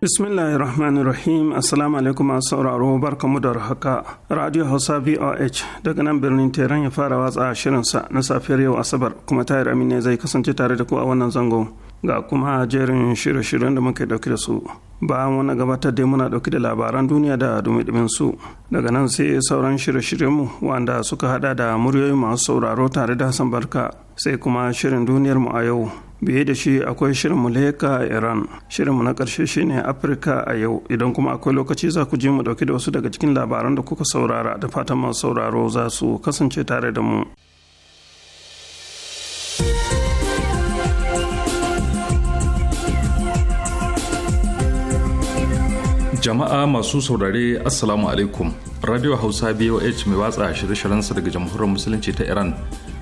bismillahi rahmanir rahim assalamu alaikum masu sauraro barkamu da haka radio hausa voh daga nan birnin teran ya fara watsa shirinsa na safiyar yau asabar kuma tayar amina zai kasance tare da ku a wannan zango, ga kuma jerin shirye-shiryen da muke dauke da su bayan wani gabatar da muna dauke da labaran duniya da dumi su daga nan sai sauran shirye-shiryenmu wanda suka hada da muryoyi masu sauraro tare da hassan barka sai kuma shirin duniyarmu a yau biye da shi akwai shirin muleka iran shirinmu na ƙarshe shine afirka a yau idan kuma akwai lokaci za ku je mu ɗauki da wasu daga cikin labaran da kuka saurara da fatan masu sauraro za su kasance tare da mu jama'a masu saurare assalamu alaikum radio hausa boh mai watsa shirye-shiryensa daga jamhuriyar musulunci ta iran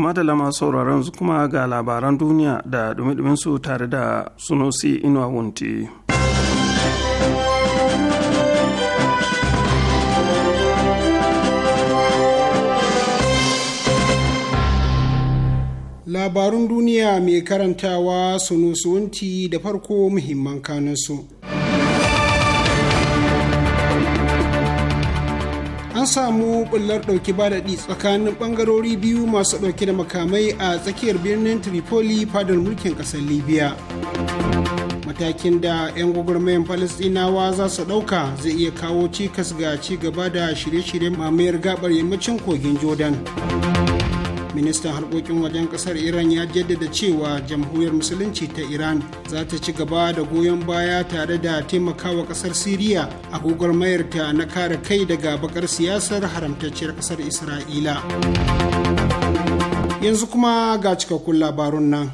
To da masu sauraron su kuma ga labaran duniya da dumi su tare da sunosi inuwa wunti. Labarun duniya mai karantawa sunosi wunti da farko muhimman kanunsu. samu bullar ɗauki ba daɗi tsakanin ɓangarori biyu masu ɗauke da makamai a tsakiyar birnin tripoli fadar mulkin ƙasar libya matakin da 'yan gwagwarmayan falasɗinawa za su ɗauka zai iya kawo cikas ga ci gaba da shirye-shiryen mamayar gabar yammacin kogin jordan ministan harkokin wajen kasar iran ya jaddada cewa jamhuriyar musulunci ta iran za ta ci gaba da goyon baya tare da taimakawa kasar siriya a mayarta na kare kai daga bakar siyasar haramtacciyar kasar isra'ila yanzu kuma ga cikakkun labarun nan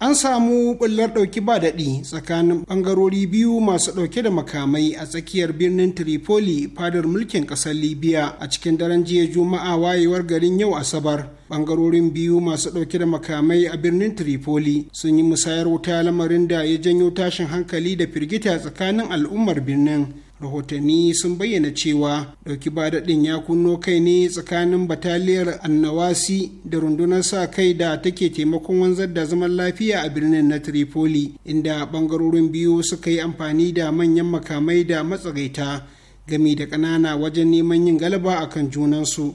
an samu bullar ɗauki ba daɗi tsakanin ɓangarori biyu masu ɗauke da makamai a tsakiyar birnin tripoli fadar mulkin ƙasar libya a cikin daren jiya juma'a wayewar garin yau asabar bangarorin biyu masu ɗauke da makamai a birnin tripoli sun yi musayar wuta lamarin da ya janyo tashin hankali da firgita tsakanin al'ummar birnin rahotanni sun bayyana cewa ɗauki ba daɗin ya kunno kai ne tsakanin bataliyar annawasi da rundunar sa kai da take taimakon wanzar da zaman lafiya a birnin na tripoli inda ɓangarorin biyu suka yi amfani da manyan makamai da matsagaita gami da ƙanana wajen neman yin galaba a kan junansu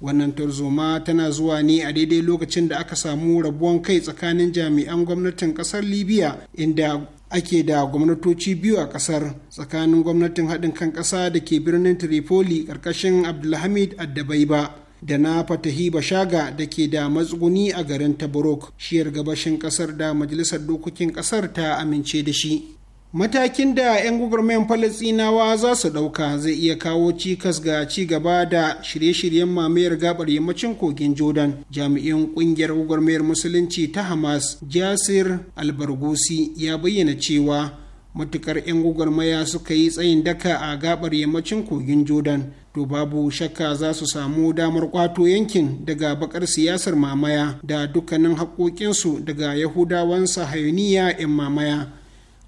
wannan tarzoma tana zuwa ne a daidai lokacin da aka samu rabuwan kai tsakanin jami'an gwamnatin kasar libya inda ake da gwamnatoci biyu a kasar tsakanin gwamnatin haɗin kan ƙasa da ke birnin tripoli ƙarƙashin abdulhamid addabaiba da na fatahi bashaga da ke da matsuguni a garin tabarok shiyar gabashin ƙasar da majalisar dokokin ƙasar ta amince da shi matakin da 'yan gwagwarmayan falasinawa za su ɗauka zai iya kawo cikas ga ci gaba da shirye-shiryen mamayar gabar yammacin kogin jordan jami'in ƙungiyar gwagwarmayar musulunci ta hamas jasir albargusi ya bayyana cewa matukar 'yan gwagwarmaya suka yi tsayin daka a gabar yammacin kogin jordan to babu shakka za su samu damar kwato yankin daga bakar siyasar mamaya da dukkanin haƙoƙinsu daga yahudawan sahayuniya 'yan mamaya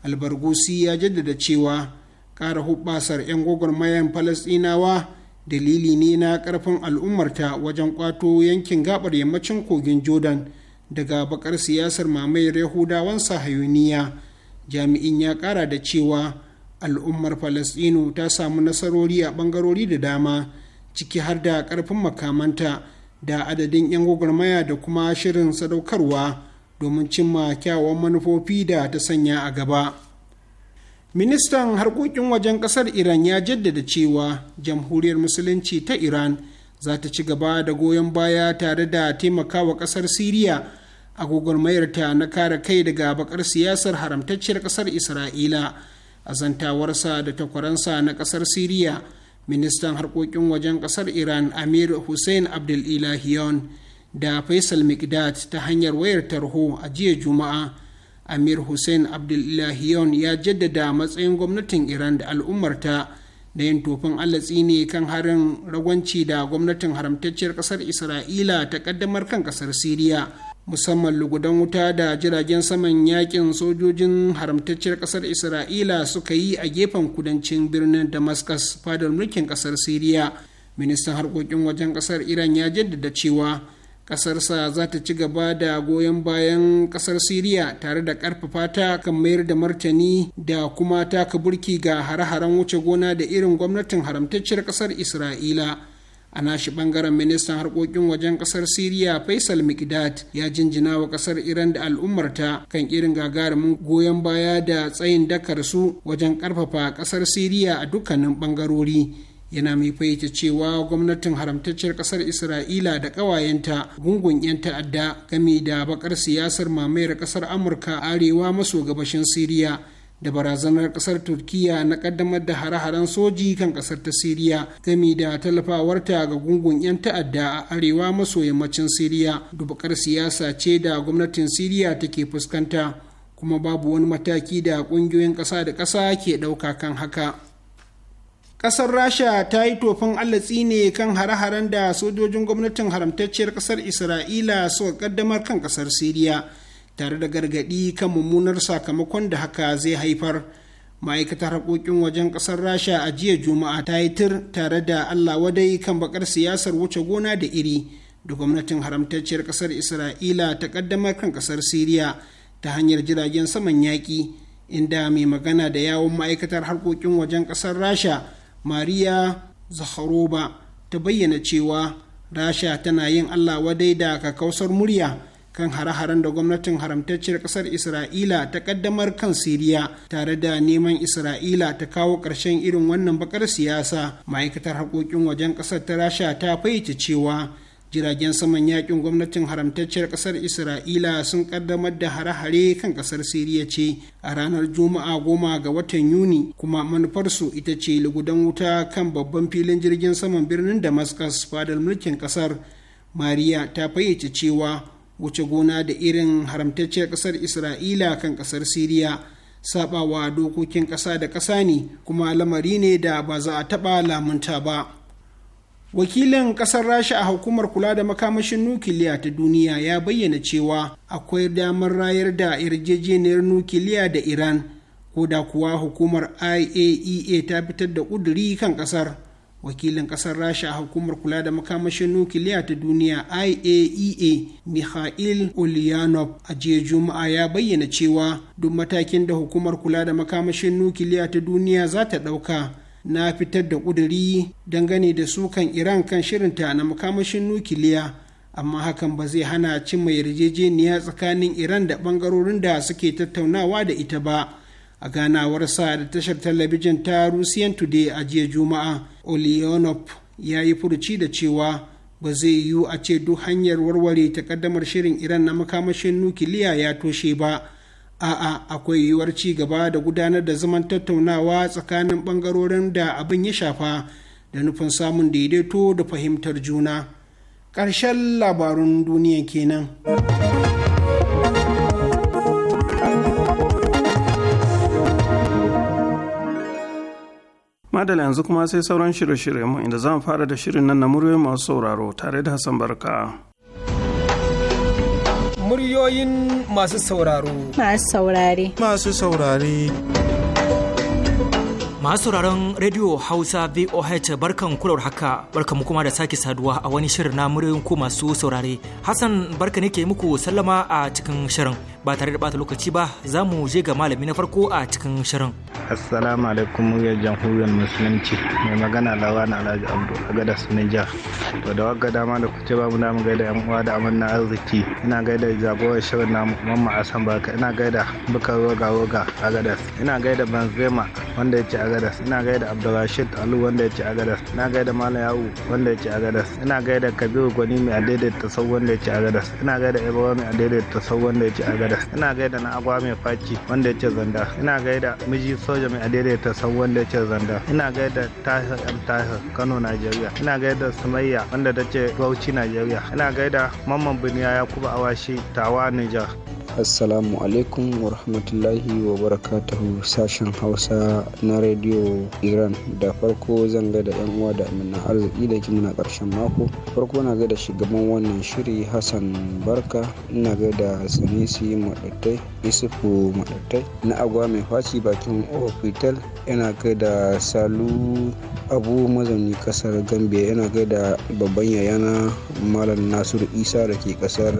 albargusi ya jaddada cewa ƙara hubbasar 'yan gwagwarmayan falasɗinawa dalili ne na ƙarfin al'ummarta wajen ƙwato yankin gabar yammacin kogin jordan daga bakar siyasar mamayar yahudawan sahayuniya jami'in ya ƙara da cewa al'ummar falasɗinu ta samu nasarori a ɓangarori da dama ciki har da ƙarfin makamanta da adadin 'yan gwagwarmaya da kuma shirin sadaukarwa domin cimma kyawawan manufofi da ta sanya a gaba. Ministan harkokin wajen kasar Iran ya jaddada cewa jamhuriyar musulunci ta Iran za ta ci gaba da goyon baya tare da taimakawa kasar Siriya a gwagwarmayarta na kare kai daga bakar siyasar haramtacciyar kasar Isra'ila a zantawarsa da takwaransa na kasar Siriya. Ministan harkokin wajen kasar Iran Amir Hussein Abdul Ilahiyon da faisal mikdad ta hanyar wayar tarho a jiya juma'a amir hussein abdullahiyon ya jaddada matsayin gwamnatin iran da al'ummarta da yin tofin allatsi ne kan harin ragwanci da gwamnatin haramtacciyar kasar isra'ila ta kaddamar kan kasar siriya musamman lugudan wuta da jiragen saman yakin sojojin haramtacciyar kasar isra'ila suka yi a gefen kudancin birnin damascus fadar mulkin kasar siriya ministan harkokin wajen kasar iran ya jaddada cewa kasarsa za ta ci gaba da goyon bayan kasar siriya tare da karfafa ta kan mayar da martani da kuma taka burki ga hare-haren wuce gona da irin gwamnatin haramtacciyar kasar isra'ila a nashi bangaren ministan harkokin wajen kasar siriya faisal mikdad ya jinjina wa kasar iran da al'ummarta kan irin gagarumin goyon baya da tsayin dakar su wajen karfafa kasar siriya a dukkanin bangarori yana mai fahimta cewa gwamnatin haramtacciyar kasar isra'ila da ƙawayenta gungun 'yan ta'adda game da bakar siyasar mamayar kasar amurka arewa maso gabashin siriya da barazanar kasar turkiya na ƙaddamar da hare-haren soji kan kasar ta siriya game da tallafawarta ga gungun 'yan ta'adda a arewa maso yammacin siriya dubakar siyasa ce da gwamnatin siriya take fuskanta kuma babu wani mataki da ƙungiyoyin ƙasa da ƙasa ke ɗauka kan haka kasar rasha ta yi tofin allatsi ne kan hare-haren da sojojin gwamnatin haramtacciyar kasar isra'ila suka kaddamar kan kasar siriya tare da gargaɗi kan mummunar sakamakon da haka zai haifar ma'aikatar haƙoƙin wajen ƙasar rasha a jiya juma'a ta yi tir tare da allah wadai kan bakar siyasar wuce gona da iri da gwamnatin haramtacciyar kasar isra'ila ta kaddamar kan kasar siriya ta hanyar jiragen saman yaƙi inda mai magana da yawon ma'aikatar harkokin wajen ƙasar rasha Mariya Zaharoba ta bayyana cewa rasha tana yin allah wadai da kakausar murya kan hare-haren da gwamnatin haramtacciyar ƙasar isra'ila ta ƙaddamar kan siriya tare da neman isra'ila ta kawo ƙarshen irin wannan bakar siyasa ma'aikatar harkokin wajen ƙasar ta rasha ta fayyace cewa jiragen saman yakin gwamnatin haramtacciyar kasar isra'ila sun kaddamar da hare-hare kan kasar siriya ce a ranar juma'a goma ga watan yuni kuma manufarsu ita ce lugudan wuta kan babban filin jirgin saman birnin damascus fadar mulkin kasar mariya ta fayyace cewa wuce gona da irin haramtacciyar kasar isra'ila kan kasar siriya Saɓawa dokokin ƙasa da ƙasa ne kuma lamari ne da ba za a taɓa lamunta ba wakilin kasar rasha a hukumar kula da makamashin nukiliya ta duniya ya bayyana cewa akwai damar rayar da yarjejeniyar nukiliya da iran ko da kuwa hukumar iaea e ta fitar da ƙuduri kan kasar wakilin kasar rasha a hukumar kula da makamashin nukiliya ta duniya iaea e mikhail ulyanov a jiya juma'a ya bayyana cewa duk matakin da hukumar kula da makamashin nukiliya ta duniya za ta ɗauka na fitar da ƙuduri dangane da sukan iran kan shirinta na makamashin nukiliya amma hakan ba zai hana cin mai yarjejeniya tsakanin iran da ɓangarorin da suke tattaunawa da ita ba a ganawar sa da tashar talabijin ta russian today a jiya juma'a olionov ya yi furuci da cewa ba zai yiwu a ce duk hanyar warware takaddamar shirin iran na makamashin nukiliya ya toshe ba a'a akwai yiwuwar ci gaba da gudanar da zaman tattaunawa tsakanin ɓangarorin da abin ya shafa da nufin samun daidaito da fahimtar juna ƙarshen labarun duniya kenan. madala yanzu kuma sai sauran shirye-shiryenmu inda zan fara da shirin nan na muryoyin masu sauraro tare da hassan barka muryoyin masu sauraro. Masu saurare. Masu saurare. Masu sauraron Radio Hausa VOH barkan kular haka barkan mu kuma da sake saduwa a wani shirin na muryoyin ku masu saurare. Hassan barka ne ke muku sallama a cikin shirin. ba tare da bata lokaci ba za mu je ga malami na farko a cikin shirin. Assalamu alaikum muryar jamhuriyar musulunci mai magana lawa na alhaji abdu a gada su Nijar. To da wagga dama da kuce ba mu da mu gaida yan uwa da amanna arziki ina gaida jagorar shirin namu mamma asan baka ina gaida bukar roga roga a gadas ina gaida banzema wanda ya ce a gadas ina gaida abdulrashid alu wanda ya ce a gadas ina gaida malam yawu wanda ya ce a gadas ina gaida kabiru gwani mai adaidaita sau wanda ya ce a gadas ina gaida ibrahim mai adaidaita sau wanda ya ce a gada ina gaida na agwa mai faki wanda yake zanda ina gaida miji soja mai adaidaita sau wanda yake zanda ina gaida tahir yan tahir kano najeriya ina gaida sumayya wanda ce bauchi najeriya ina gaida mamman biniya yakubu awashi tawa niger assalamu alaikum wa rahmatullahi wa barakatuhu sashen hausa na rediyo iran da farko zan ga da yan uwa da amina arziki da ke muna karshen mako farko na ga da shugaban wannan shiri hassan barka ina ga da sanisi madattai isufu madattai na agwa mai faci bakin ofital yana ga da salu abu mazauni kasar gambia yana ga da babban yayana malam nasiru isa da ke kasar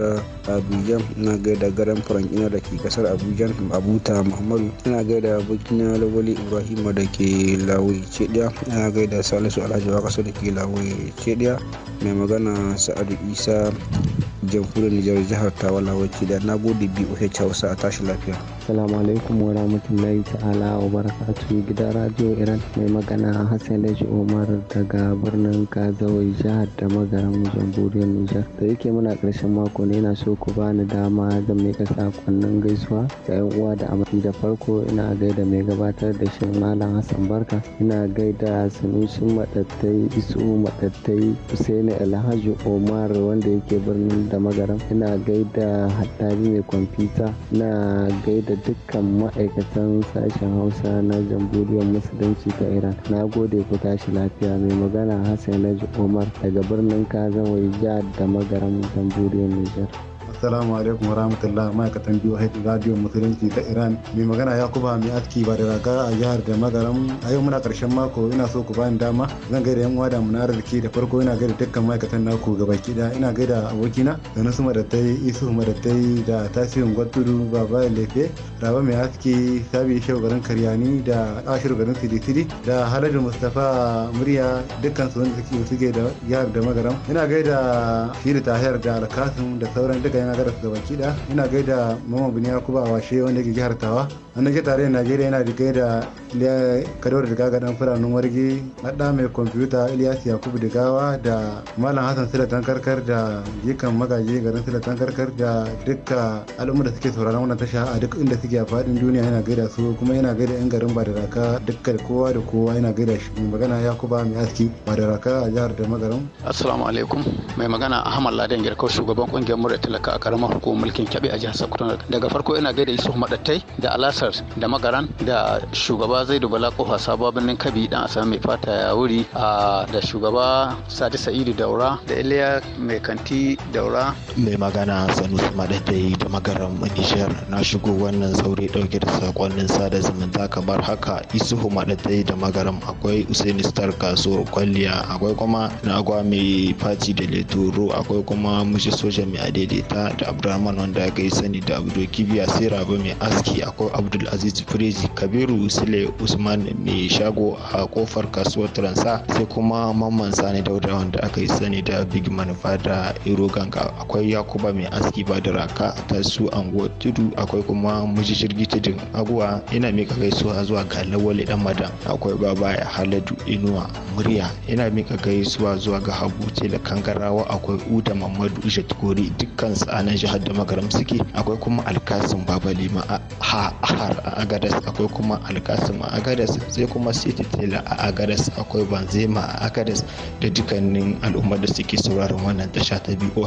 abuja na ga da garan restaurant ina da ke kasar abuja abuta muhammadu ina gaida bukina lawali ibrahim da ke lawai cediya ina gaida salisu alhaji wa kasar da ke lawai cediya mai magana sa'adu isa jamhuriyar nijar jihar tawala wacce da na gode boh hausa a tashi lafiya salamu alaikum wa rahmatullahi ta'ala wa barakatu gida radio iran mai magana hassan laji umar daga birnin kazawai jihar da magaran jamhuriyar nijar da yake muna karshen mako ne na so ku bani dama da mai sakonnin gaisuwa ga yan uwa da amince da farko ina gaida mai gabatar da shirin malam hassan barka ina gaida sanushin matattai isu matattai husaini alhaji omar wanda yake birnin da magaram ina gaida hattari mai kwamfuta ina gaida dukkan ma'aikatan sashen hausa na jamhuriyar musulunci ta iran na gode ku tashi lafiya mai magana hassan alhaji omar daga birnin kazan jihar da magaram jamhuriyar nijar Assalamu alaikum wa rahmatullah ma'aikatan biyu haiti radio musulunci ta Iran. Mai magana ya kuba mai aski ba da raga a jihar da magaram. A yau muna karshen mako ina so ku bani dama zan gaida yan uwa da munarar da ke da farko ina gaida dukkan ma'aikatan naku gaba kida ina gaida abokina da nasu madattai isu madattai da tasirin gwaturu baba lefe raba mai aski sabi shehu garin karyani da ashiru garin sidi da halajin mustapha murya dukkan su wanda suke da jihar da magaram ina gaida shi da tahiyar da alkasim da sauran dukkan na daras da baki da ina gaida mama bini yakuba a washe wanda ke jihar tawa an nake tare da najeriya yana da gaida kadawar da gaga dan fulanin wargi hada mai kwamfuta ilyas yakubu da gawa da malam hassan sila tankarkar da jikan magaji garin sila tankarkar da dukka al'ummar da suke sauraron wannan tasha a duk inda suke a faɗin duniya yana gaida su kuma yana gaida yan garin ba da raka dukkan kowa da kowa yana gaida shi mai magana yakuba mai aski ba da raka a jihar da magaram assalamu alaikum mai magana ahmad ladan girkau shugaban kungiyar mura talaka karamar hukumar mulkin kyabe a jihar sokoto daga farko ina gaida yusuf madattai da alasar da magaran da shugaba zaidu bala kofa sababin kabi dan asa mai fata ya wuri da shugaba sadi sa'idu daura da iliya mai kanti daura mai magana sanusi madattai da magaran nijar na shigo wannan sauri dauke da sakonnin sada zumunta kamar haka isuhu madattai da magaram akwai usaini star kasuwar kwalliya akwai kuma nagwa mai faci da leturu akwai kuma mushi soja mai adaidaita da abdulrahman wanda aka yi sani da abdul biya sai rabe mai aski akwai abdulaziz aziz kabiru sule usman ne shago a kofar kasuwar turansa sai kuma mamman sani dauda wanda aka yi sani da big manufa da ganga. akwai yakuba mai aski ba da raka ta su anguwa tudu akwai kuma jirgi tudun aguwa ina mika gaisuwa zuwa ga lawali dan madan akwai baba ya haladu inuwa murya ina mika gaisuwa zuwa ga habu da kankarawa akwai uda mamadu ishatukori dukkan sa a nan jihar da magaram suke akwai kuma alkasim babalima a har a agadas akwai kuma alkasin a agadas sai kuma city tela a agadas akwai banzema a agadas da dukkanin al'ummar da suke sauraron wannan tasha ta boh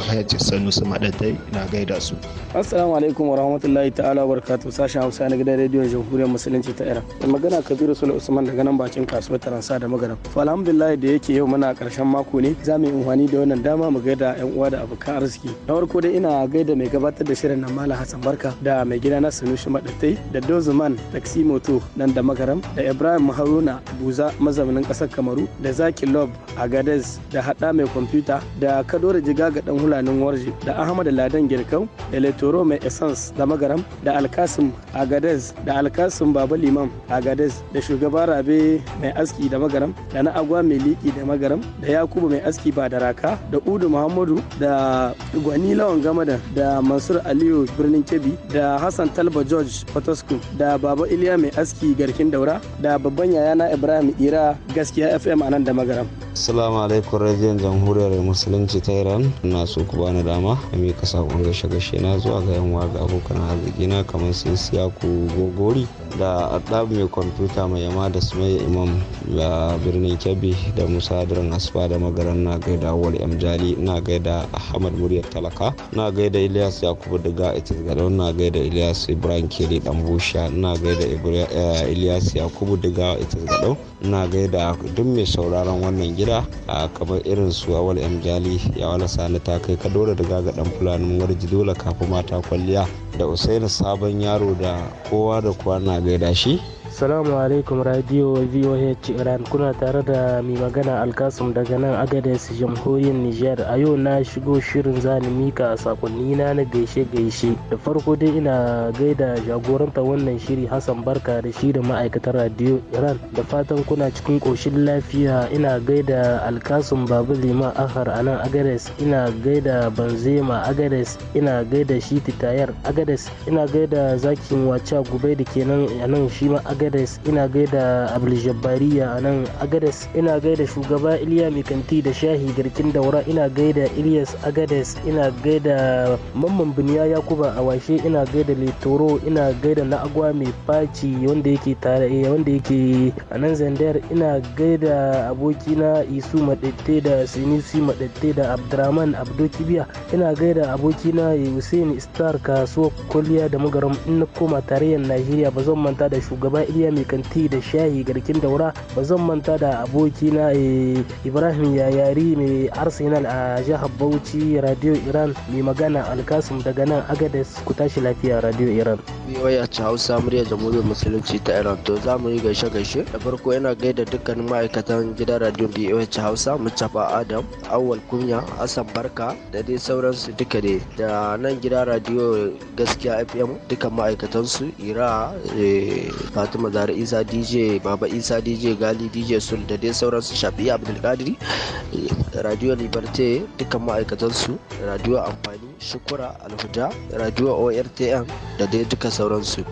su madadai na gaida su assalamu alaikum wa rahmatullahi ta'ala wa barakatuh sashen hausa na gidan rediyon jamhuriyar musulunci ta iran da magana kabiru sule usman daga nan bakin kasuwar taransa da magaram to alhamdulillah da yake yau muna karshen mako ne za mu yi amfani da wannan dama mu gaida yan uwa da abokan arziki na farko dai ina gaida mai gabatar da shirin nan Malam Hassan Barka da mai gida na Sanusi madatai da Dozuman Taxi Moto nan da Magaram da Ibrahim Haruna Buza mazaunin ƙasar Kamaru da Zaki Love a Gades da Hada mai kwamfuta da Kadore ga dan Hulanin Warje da Ahmad Ladan Girkau da Letoro mai Essence da Magaram da Alkasim a Gades da Alkasim Baba Liman a Gades da shugaba Rabe mai aski da Magaram da na Agwa mai liki da Magaram da Yakubu mai aski ba da raka da Udu Muhammadu da Gwani Lawan Gama da Jordan da Mansur Aliyu birnin Kebbi da Hassan Talba George Potosku da Baba Iliya mai aski garkin daura da babban yayana Ibrahim Ira gaskiya FM a nan da magaram. Assalamu alaikum radiyon jamhuriyar musulunci ta Iran na so ku bani dama a mi kasa kun gashe gashe na zuwa ga yan ga abokan arziki na kamar sun siya ku gogori da adab mai kwamfuta mai yama da sumayya imam da birnin kebbi da musa duran asfa da magaran na gaida wal jali na gaida ahmad muryar talaka na gaida Ilyas Yakubu daga Itis Gadau ina gaida Ilyas Ibrahim Kelly dan Busha ina gaida eh, Ilyas Yakubu daga Itis Gadau ina gaida duk mai sauraron wannan gida a kamar irin su Awal M Jali ya wala sani ta kai ka dole daga ga dan Fulani mun warji dole kafin mata kwalliya da Usaini sabon yaro da kowa da kowa na gaida shi salamu alaikum radio VOH Iran kuna tare da mai magana Alkasum daga nan Agadez jamhuriyar Nijar a yau na shigo shirin zani mika sakonni na na gaishe gaishe da farko dai ina gaida jagoranta wannan shiri Hassan Barka da shi da ma'aikatar radio Iran da fatan kuna cikin koshin lafiya ina gaida Alkasum Babu Lima Ahar a nan Agadez ina gaida Banzema Agadez ina gaida shi Titayar Agadez ina gaida Zakin Wacha gubai da kenan a nan shi ma agades ina gaida abdul a nan agades ina gaida shugaba iliya kanti da shahi garkin daura ina gaida ilyas agades ina gaida mamman biniya yakuba awashe ina gaida litoro ina gaida na mai faci wanda yake tare eh, wanda yake a nan zandar ina gaida abokina isu madatte da sinisi madatte da abdurrahman abdo kibiya ina gaida abokina hussein star kasuwar kwalliya da magaram in na koma tarayyar najeriya ba zan manta da shugaba iya mai kanti da shayi garkin daura ba zan manta da abokina eh, ibrahim yari mai arsenal a jihar bauchi radio iran mai magana alkasim daga nan agades ku tashi lafiya radio iran biyoyi ci hausa murya jamhuriyar musulunci ta iran to za mu yi gaishe gaishe da farko yana gaida dukkanin ma'aikatan gidan radio biyoyi ci hausa mustapha adam awal kunya asan barka da dai sauransu duka ne da nan gidan radio gaskiya fm duka ma'aikatansu ira eh, fatima Mazari Isa DJ Baba Isa DJ Gali DJ Sul da dai sauransu Shafi'i Abdulkadiri Radio Liberté dukkan ma'aikatansu Radio Amfani shukura alhuja radio ortm da dai duka sauransu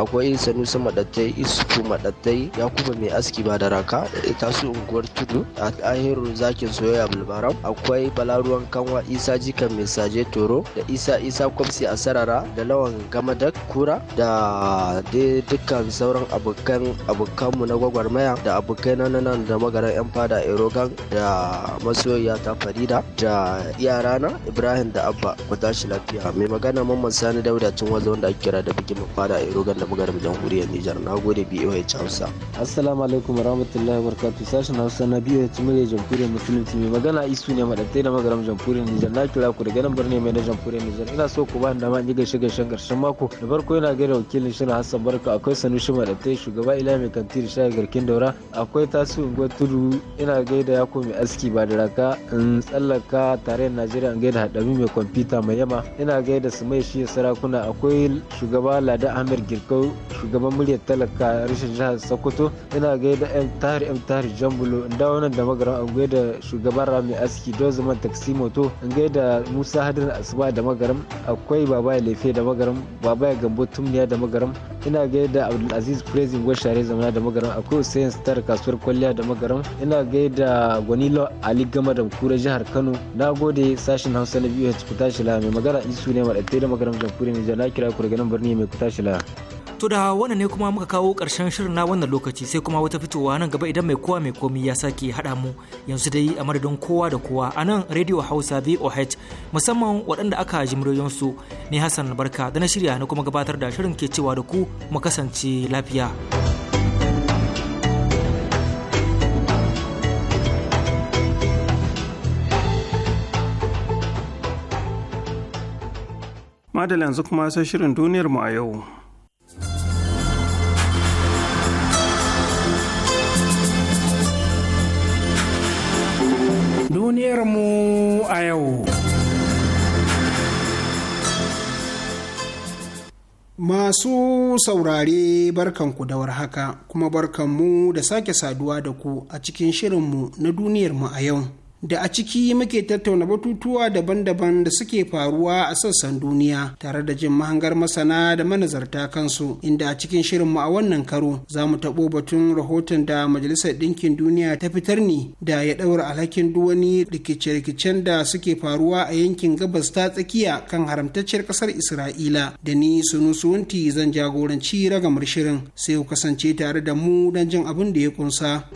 akwai sanusi madattai isufu madattai yakuba mai aski ba da raka tasu unguwar tudu a ahiru zakin soyayya bulbaram akwai balaruwan kanwa isa jika mai saje toro da isa isa kwamsi a sarara da lawan gamadak kura da dai dukkan sauran abokan abokanmu na gwagwarmaya da abokai na nan da magaran yan fada erogan da masoyiya farida da yarana ibrahim da abba tashi lafiya mai magana mamman sani dauda tun wazo wanda ake kira da bikin mafada a irogan da bugar jamhuriyar nijar na gode boh hausa assalamu alaikum warahmatullahi wabarakatuh sashen hausa na ya murya jamhuriyar musulunci mai magana isu ne madattai da magaram jamhuriyar nijar na kira ku daga nan birni mai na jamhuriyar nijar ina so ku ba ni dama in yi gaishe gaishen ƙarshen mako da farko yana gaida wakilin shirin hassan barka akwai sanushi madattai shugaba ila mai kanti da shayar garkin daura akwai tasu unguwar tudu ina gaida yako mai aski ba da raka in tsallaka tarayyar najeriya in gaida haɗari mai kwamfuta mai yama ina gaida su mai shiya sarakuna akwai shugaba lada ahmed girkau shugaban muryar talaka rashin jihar sokoto ina gaida yan tahir yan tahir jambulo in dawo nan da magaran in gaida shugaban rami aski dozuman taksi moto in gaida musa hadin asuba da magaram akwai baba ya lefe da magaram baba ya gambo tumniya da magaram ina gaida abdulaziz prezin gwashare zamana da magaram akwai hussein star kasuwar kwalliya da magaram ina gaida gwanilo ali gama da kura jihar kano na gode sashen hausa na biyu ya ci fita shi mai magana isu ne maɗaɗe da magaram jamhuriyar Nijar na kira ku daga nan birni mai shi la. To da wannan ne kuma muka kawo ƙarshen shirin na wannan lokaci sai kuma wata fitowa nan gaba idan mai kowa mai komi ya sake haɗa mu yanzu dai a madadin kowa da kowa a nan Radio Hausa VOH musamman waɗanda aka ji su ne Hassan Barka da na shirya na kuma gabatar da shirin ke cewa da ku mu kasance lafiya. madala yanzu kuma sai shirin duniyar mu a yau duniyar mu a yau Masu saurare barkan ku da warhaka kuma barkan mu da sake saduwa da ku a cikin shirin mu na duniyarmu a yau. da a ciki muke tattauna batutuwa daban-daban da suke faruwa a sassan duniya tare da jin mahangar masana da manazarta kansu inda a cikin shirinmu a wannan karo za mu taɓo batun rahoton da majalisar ɗinkin duniya ta fitar ne da ya ɗaura alhakin duwani rikice-rikicen da suke faruwa a yankin gabas ta tsakiya kan haramtacciyar ƙasar isra'ila da ni sunu suwunti zan jagoranci ragamar shirin sai ku kasance tare da mu don jin abin da ya ƙunsa.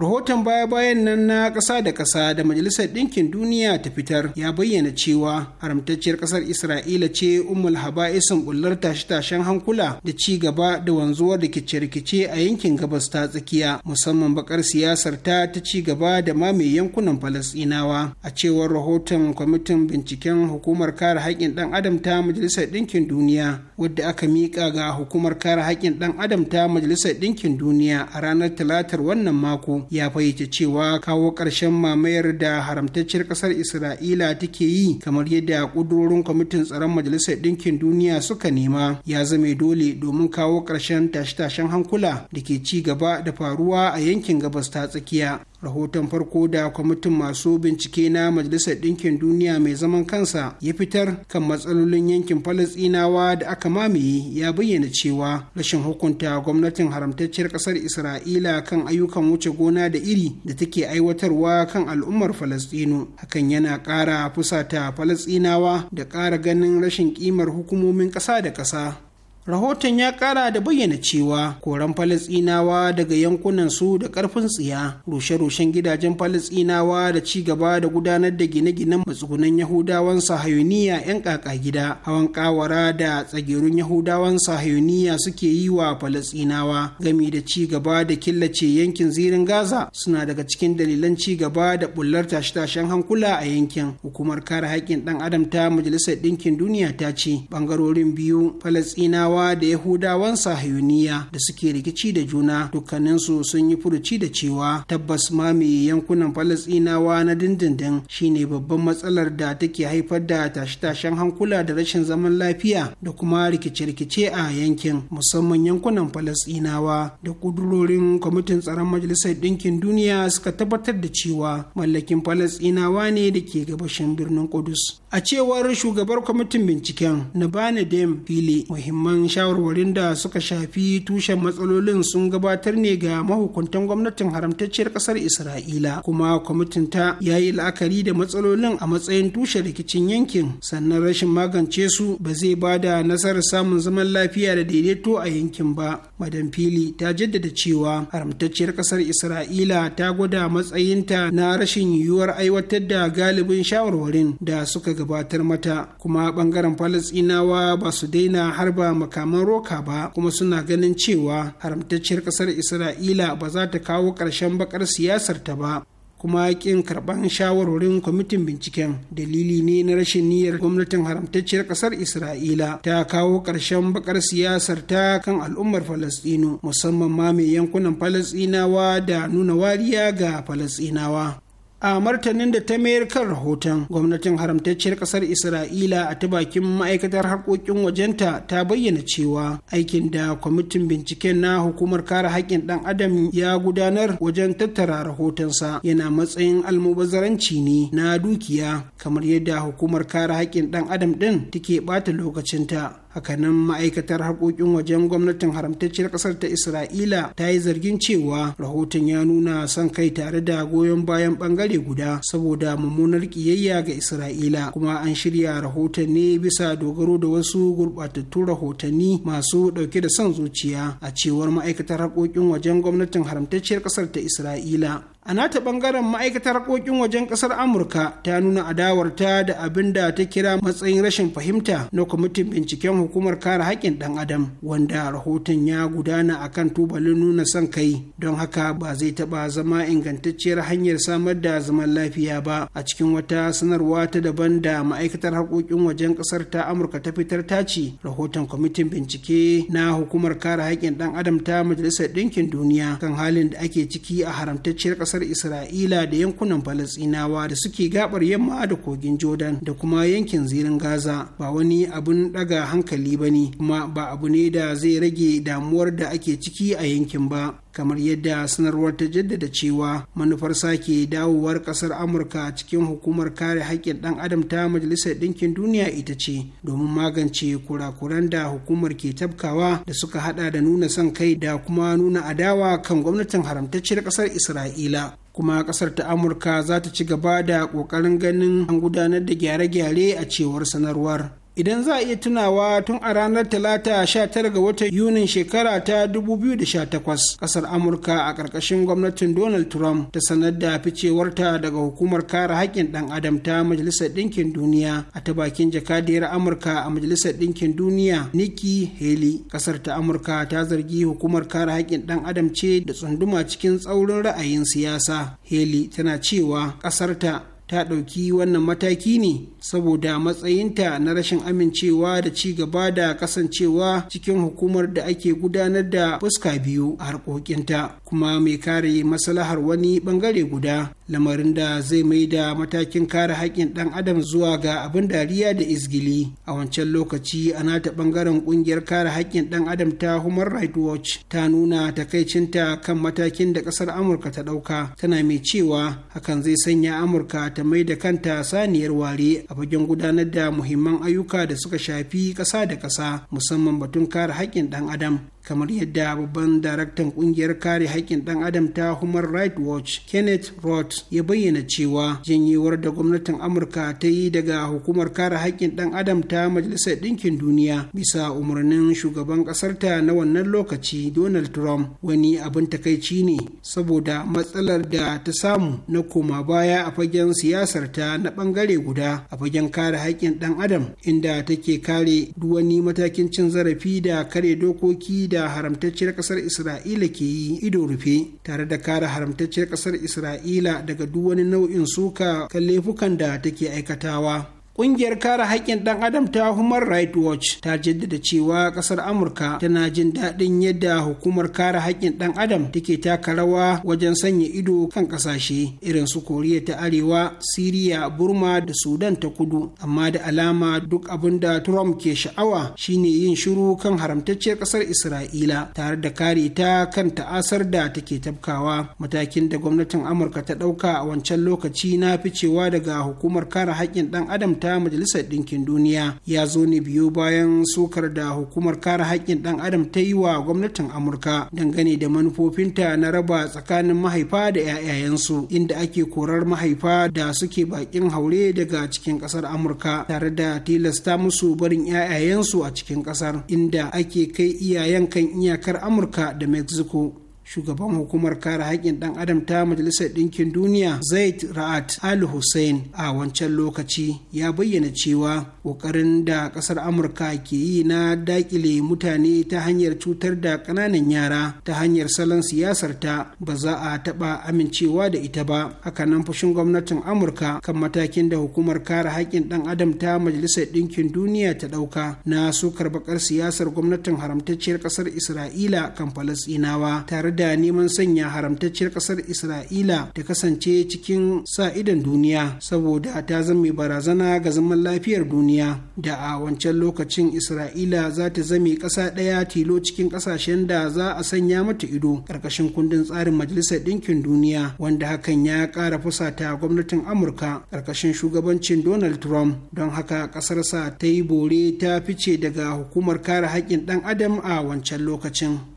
rahoton baya-bayan nan na ƙasa da ƙasa da majalisar ɗinkin duniya ta fitar ya bayyana cewa haramtacciyar ƙasar isra'ila ce ummul haba'isin bullar tashe-tashen hankula da ci gaba da wanzuwar rikice-rikice a yankin gabas ta tsakiya musamman bakar siyasar ta ta ci gaba da mamaye yankunan falasɗinawa a cewar rahoton kwamitin binciken hukumar kare haƙƙin ɗan adam ta majalisar ɗinkin duniya wadda aka miƙa ga hukumar kare haƙƙin ɗan adam ta majalisar ɗinkin duniya a ranar talatar wannan mako ya fahimci cewa kawo ƙarshen mamayar da haramtacciyar ƙasar isra'ila take yi kamar yadda ƙudurorin kwamitin tsaron majalisar ɗinkin duniya suka nema ya zame dole domin kawo ƙarshen tashe-tashen hankula da ke ci gaba da faruwa a yankin gabas ta tsakiya rahoton farko da kwamitin masu bincike na majalisar ɗinkin duniya mai zaman kansa ya fitar kan matsalolin yankin falasɗinawa da aka mamaye ya bayyana cewa rashin hukunta gwamnatin haramtacciyar ƙasar isra'ila kan ayyukan wuce gona da iri da take aiwatarwa kan al'ummar falasɗinu hakan yana ƙara fusata falasɗinawa da ƙara ganin rashin ƙimar hukumomin ƙasa da ƙasa rahoton ya kara da bayyana cewa koran falasinawa daga yankunan su da karfin tsiya rushe-rushen gidajen falasinawa da ci gaba da gudanar da gine-ginen matsugunan yahudawan sahayuniya 'yan kaka gida hawan kawara da tsagerun yahudawan sahayuniya suke yi wa falasinawa gami da ci gaba da killace yankin zirin gaza suna daga cikin dalilan ci gaba da bullar tashe-tashen hankula a yankin hukumar kare haƙƙin ɗan adam ta majalisar ɗinkin duniya ta ce ɓangarorin biyu falasinawa Iraniyawa da Yahudawan Sahiyuniya da suke rikici da juna dukkaninsu sun yi furuci da cewa tabbas ma mai yankunan Falasɗinawa na dindindin shine babban matsalar da take haifar da tashe-tashen hankula da rashin zaman lafiya da kuma rikice-rikice a yankin musamman yankunan Falasɗinawa da kudurorin kwamitin tsaron Majalisar Ɗinkin Duniya suka tabbatar da cewa mallakin Falasɗinawa ne da ke gabashin birnin Kudus. A cewar shugabar kwamitin binciken Nabana Dem Fili muhimman shawarwarin da suka shafi tushen matsalolin sun gabatar ne ga mahukuntan gwamnatin haramtacciyar kasar isra'ila kuma kwamitin ta ya yi la'akari da matsalolin a matsayin tushen rikicin yankin sannan rashin magance su ba zai ba da nasarar samun zaman lafiya da daidaito a yankin ba madam fili ta jaddada cewa haramtacciyar kasar isra'ila ta gwada matsayinta na rashin yiwuwar aiwatar da galibin shawarwarin da suka gabatar mata kuma bangaren falasinawa ba su daina harba makaman roka ba kuma suna ganin cewa haramtacciyar kasar isra'ila ba za ta kawo ƙarshen bakar siyasar ta ba kuma ƙin karɓar shawarorin kwamitin binciken dalili ne na rashin niyyar gwamnatin haramtacciyar kasar isra'ila ta kawo ƙarshen bakar siyasar ta kan al'ummar falastinu musamman ma mai yankunan falastinawa da nuna wariya ga falasɗinawa a martanin da ta mayar kan rahoton gwamnatin haramtacciyar kasar isra'ila a ta bakin ma'aikatar harkokin wajenta ta bayyana cewa aikin da kwamitin binciken na hukumar kare haƙƙin ɗan adam ya gudanar wajen tattara rahotonsa yana matsayin almubazzaranci ne na dukiya kamar yadda hukumar kare haƙƙin ɗan adam ɗin take ɓata lokacinta hakanan ma'aikatar harkokin wajen gwamnatin haramtacciyar kasar ta isra'ila ta yi zargin cewa rahoton ya nuna son kai tare da goyon bayan bangare guda saboda mummunar kiyayya ga isra'ila kuma an shirya rahoton ne bisa dogaro da wasu gurbatattun rahotanni masu dauke da son zuciya a cewar ma'aikatar harkokin wajen gwamnatin haramtacciyar kasar ta isra'ila a nata bangaren ma'aikatar harkokin wajen kasar amurka ta nuna adawarta da abin da ta kira matsayin rashin fahimta na kwamitin binciken hukumar kare haƙƙin ɗan adam wanda rahoton ya gudana akan tubalin nuna son kai don haka ba zai taɓa zama ingantacciyar hanyar samar da zaman lafiya ba a cikin wata sanarwa ta daban da ma'aikatar harkokin wajen kasar ta amurka ta fitar ta ce rahoton kwamitin bincike na hukumar kare haƙƙin ɗan adam ta majalisar ɗinkin duniya kan halin da ake ciki a haramtacciyar Kasar isra'ila da yankunan falasinawa da suke gabar yamma da kogin jordan da kuma yankin zirin gaza ba wani abun ɗaga hankali ba ne kuma ba abu ne da zai rage damuwar da ake ciki a yankin ba kamar yadda sanarwar ta jaddada cewa manufar sake dawowar kasar amurka cikin hukumar kare haƙƙin ɗan adam ta majalisar ɗinkin duniya ita ce domin magance kurakuran da hukumar ke tabkawa da suka hada da nuna son kai da kuma nuna adawa kan gwamnatin haramtacciyar ƙasar isra'ila kuma kasar ta amurka za ta ci gaba da kokarin ganin an gudanar da gyare-gyare a cewar sanarwar idan za a iya tunawa tun a ranar talata 19 ga watan yunin shekara ta 2018 kasar amurka a ƙarƙashin gwamnatin donald trump ta sanar da ficewarta daga hukumar kare haƙƙin ɗan adam ta majalisar ɗinkin duniya a ta bakin jakadiyar amurka a majalisar ɗinkin duniya nikki haley kasar ta amurka ta zargi hukumar kare haƙƙin ɗan adam ce da tsunduma cikin tsaurin ra'ayin siyasa haley tana cewa ƙasarta ta ɗauki wannan mataki ne saboda matsayinta na rashin amincewa da ci gaba da kasancewa cikin hukumar da ake gudanar da fuska biyu a harkokinta kuma mai kare maslahar wani bangare guda lamarin da zai mai da matakin kare haƙƙin ɗan adam zuwa ga abin dariya da izgili a wancan lokaci a nata ɓangaren ƙungiyar kare haƙƙin ɗan adam ta human rights watch ta nuna takaicinta kan matakin da ƙasar amurka ta ɗauka tana mai cewa hakan zai sanya amurka ta ta mai da kanta saniyar ware a fagen gudanar da muhimman ayyuka da suka shafi ƙasa da ƙasa musamman batun kare haƙƙin ɗan adam kamar yadda babban daraktan kungiyar kare haƙƙin ɗan adam ta human rights watch kenneth roth ya bayyana cewa janyewar da gwamnatin amurka ta yi daga hukumar kare haƙƙin ɗan adam ta majalisar ɗinkin duniya bisa umarnin shugaban ƙasarta na wannan lokaci donald trump wani abin takaici ne saboda matsalar da ta samu na koma baya a fagen siyasar ta na ɓangare guda a fagen kare haƙƙin ɗan adam inda take kare duk wani matakin cin zarafi da kare dokoki da haramtacciyar ƙasar isra'ila ke yi ido rufe tare da kare haramtacciyar ƙasar isra'ila daga duk wani nau'in suka kan laifukan da take aikatawa Ƙungiyar kare haƙƙin ɗan adam ta Human Rights Watch ta jaddada cewa ƙasar Amurka tana jin daɗin yadda hukumar kare haƙƙin ɗan adam take taka rawa wajen sanya ido kan ƙasashe irin su Koriya ta Arewa, Siriya, Burma da Sudan ta Kudu. Amma da alama duk abin da Trump ke sha'awa shine yin shiru kan haramtacciyar ƙasar Isra'ila tare da kare ta kan ta'asar da take tafkawa. Matakin da gwamnatin Amurka ta ɗauka a wancan lokaci na ficewa daga hukumar kare haƙƙin ɗan adam ta majalisar ɗinkin duniya ya zo ne biyo bayan sukar da hukumar kare haƙƙin ɗan adam ta yi wa gwamnatin amurka dangane da manufofinta na raba tsakanin mahaifa da 'ya'yayensu inda ake korar mahaifa da suke bakin haure daga cikin ƙasar amurka tare da tilasta musu barin 'ya'yayensu a cikin ƙasar inda ake kai iyayen kan iyakar amurka da mexico shugaban hukumar kare haƙƙin ɗan adam ta majalisar ɗinkin duniya zaid ra'at al hussein a wancan lokaci ya bayyana cewa ƙoƙarin da ƙasar amurka ke yi na daƙile mutane ta hanyar cutar da ƙananan yara ta hanyar salon siyasar ta ba za a taɓa amincewa da ita ba hakanan fushin gwamnatin amurka kan matakin da hukumar kare haƙƙin ɗan adam ta majalisar ɗinkin duniya ta ɗauka na sukar bakar siyasar gwamnatin haramtacciyar ƙasar isra'ila kan falasɗinawa tare da da neman sanya haramtacciyar ƙasar isra'ila ta kasance cikin sa idan duniya saboda ta zame barazana ga zaman lafiyar duniya da a wancan lokacin isra'ila za ta zame ƙasa ɗaya tilo cikin ƙasashen da za a sanya mata ido ƙarƙashin kundin tsarin majalisar ɗinkin duniya wanda hakan ya ƙara fusata gwamnatin amurka ƙarƙashin shugabancin donald trump don haka ƙasarsa ta yi bore ta fice daga hukumar kare haƙƙin ɗan adam a wancan lokacin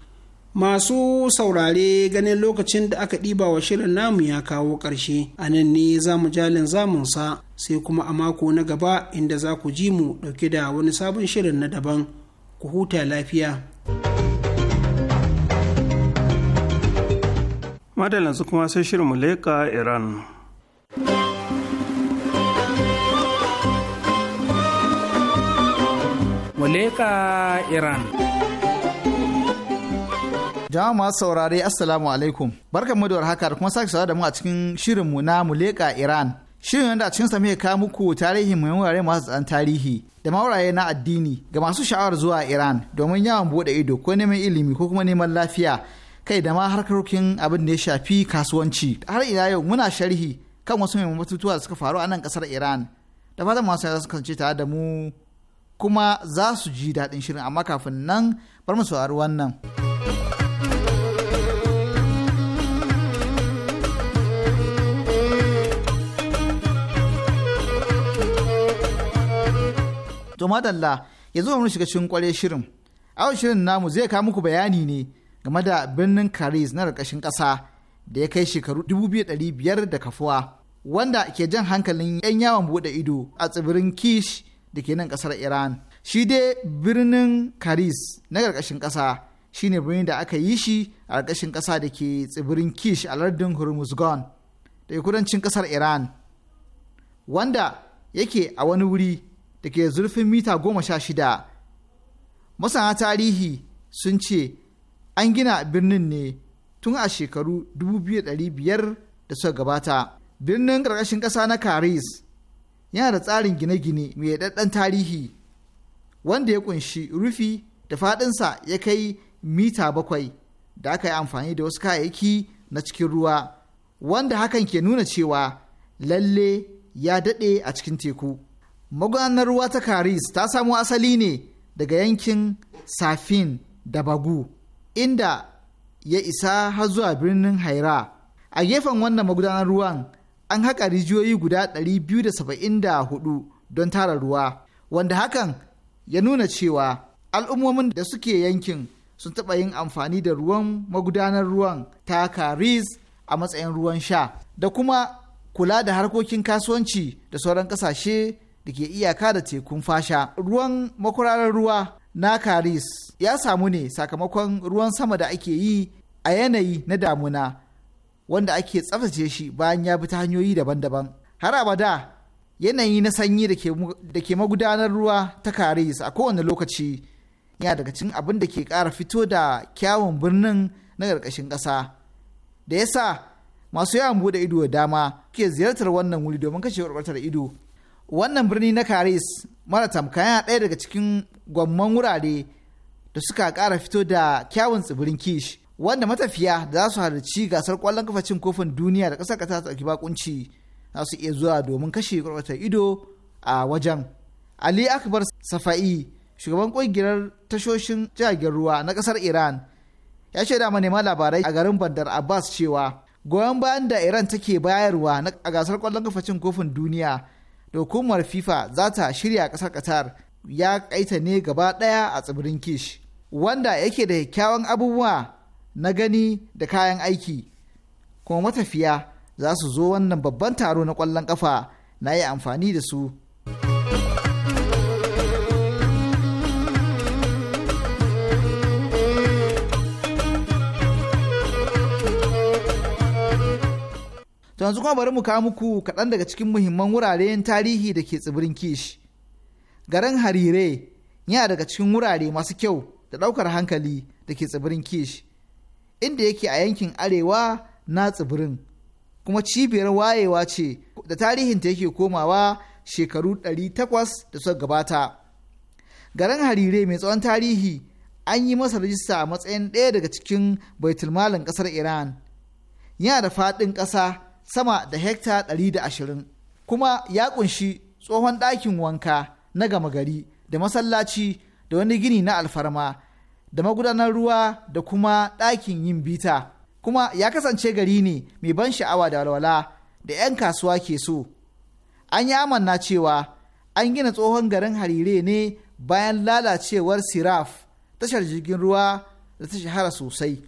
Masu saurare ganin lokacin da aka ɗiba wa shirin namu ya kawo ƙarshe, a nan ne za mu jalin zamunsa sai kuma a mako na gaba inda za ku ji mu ɗauke da wani sabon shirin na daban, ku huta lafiya. Madalansu kuma sai shirin Iran. Jama'a masu saurare Assalamu alaikum. Barkan mu da warhaka da kuma sake saurara da mu a cikin shirin mu na Muleka Iran. Shirin yanda cikin sa muke kawo muku tarihin mu wurare masu tsan tarihi da mawuraye na addini ga masu sha'awar zuwa Iran domin yawon buɗe ido ko neman ilimi ko kuma neman lafiya kai da ma harkokin abin da ya shafi kasuwanci. Har ila yau muna sharhi kan wasu mai batutuwa da suka faru a nan kasar Iran. Da fatan masu za su kasance tare da mu kuma za su ji daɗin shirin amma kafin nan bar mu saurari wannan. to madalla yanzu mu shiga cikin kware shirin awon shirin namu zai kawo muku bayani ne game da birnin karis na ƙarƙashin ƙasa da ya kai shekaru 2500 da kafuwa wanda ke jan hankalin 'yan yawon bude ido a tsibirin Kish da ke nan ƙasar Iran. Shi dai birnin karis na ƙarƙashin kasa shi ne birnin da aka yi shi a ƙarƙashin ƙasa da ke tsibirin Kish a lardin hormuzgon da kudancin ƙasar Iran wanda yake a wani wuri da ke zurfin mita goma sha shida. Masana tarihi sun ce an gina birnin ne tun a shekaru 2500 da suka gabata. Birnin ƙarƙashin ƙasa na karis yana da tsarin gine-gine mai ɗanɗan tarihi wanda ya ƙunshi rufi da faɗinsa ya kai mita bakwai da aka yi amfani da wasu kayayyaki na cikin ruwa wanda hakan ke nuna cewa lalle ya daɗe a cikin teku. magudanar ruwa ta Karis ta samo asali ne daga yankin Safin da Bagu, inda ya isa har zuwa birnin Haira. A gefen wannan magudanar ruwan an haƙa rijiyoyi guda 274 don tara ruwa, wanda hakan ya nuna cewa al'ummomin da suke yankin sun taɓa yin amfani da ruwan magudanar ruwan ta Karis a matsayin ruwan sha da kuma kula da harkokin kasuwanci da sauran ƙasashe da ke iyaka da tekun fasha ruwan makwararar ruwa na karis ya samu ne sakamakon ruwan sama da ake yi a yanayi na damuna wanda ake tsaftace shi bayan ya bi ta hanyoyi daban-daban har abada yanayi na sanyi da ke magudanar ruwa ta karis a kowane lokaci yana daga cin abin da ke kara fito da kyawun birnin na ƙarƙashin ƙasa da yasa masu yawon bude ido da dama ke ziyartar wannan wuri domin kashe ido wannan birni na karis mara tamka yana ɗaya daga cikin gwamman wurare da suka ƙara fito da kyawun tsibirin kish wanda matafiya da za su halarci gasar ƙwallon kafa cin kofin duniya da ƙasar ta ɗauki bakunci za su iya zuwa domin kashe ƙwarɓatar ido a wajen. Ali Akbar Safa'i shugaban ƙungiyar tashoshin jiragen ruwa na ƙasar Iran ya shaida manema labarai a garin Bandar Abbas cewa goyon bayan da Iran take bayarwa a gasar ƙwallon kafa cin kofin duniya da hukumar fifa za ta shirya ƙasar qatar ya kaita ne gaba daya a tsibirin kish wanda yake da kyakkyawan abubuwa na gani da kayan aiki kuma matafiya za su zo wannan babban taro na kwallon kafa na yi amfani da su To yanzu kuma bari mu kawo muku kaɗan daga cikin muhimman wuraren tarihi da ke tsibirin Kish. Garin Harire yana daga cikin wurare masu kyau da ɗaukar hankali da ke tsibirin Kish, inda yake a yankin arewa na tsibirin, kuma cibiyar wayewa ce da tarihinta yake komawa shekaru ɗari 800 da suka gabata. Garin Harire mai tsawon tarihi an yi masa rajista a matsayin ɗaya daga cikin baitulmalin ƙasar Iran. Yana da faɗin ƙasa sama da hekta 120 kuma ya kunshi tsohon ɗakin wanka na gama gari da masallaci da wani gini na alfarma da magudanar ruwa da kuma ɗakin yin bita kuma ya kasance gari ne mai ban sha'awa da walwala da 'yan kasuwa ke so an yi amanna cewa an gina tsohon garin harire ne bayan lalacewar siraf tashar jirgin ruwa da ta shahara sosai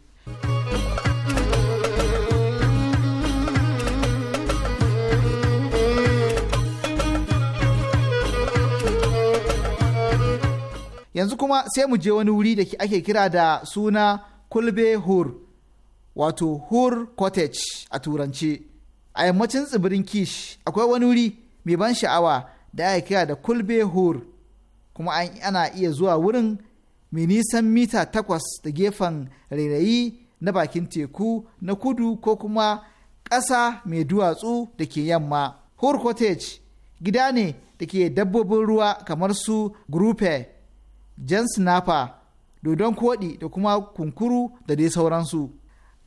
yanzu kuma sai mu je wani wuri da ake kira da suna kulbe hur wato hur cottage a turanci a yammacin tsibirin kish akwai wani wuri mai ban sha'awa da ake kira da kulbe hur kuma ana iya zuwa wurin mai nisan mita takwas da gefen rairayi na bakin teku na kudu ko kuma ƙasa mai duwatsu da ke yamma hur cottage gida ne da ke dabbobin ruwa kamar su grupe jan sinafa dodon koɗi da kuma kunkuru da dai sauransu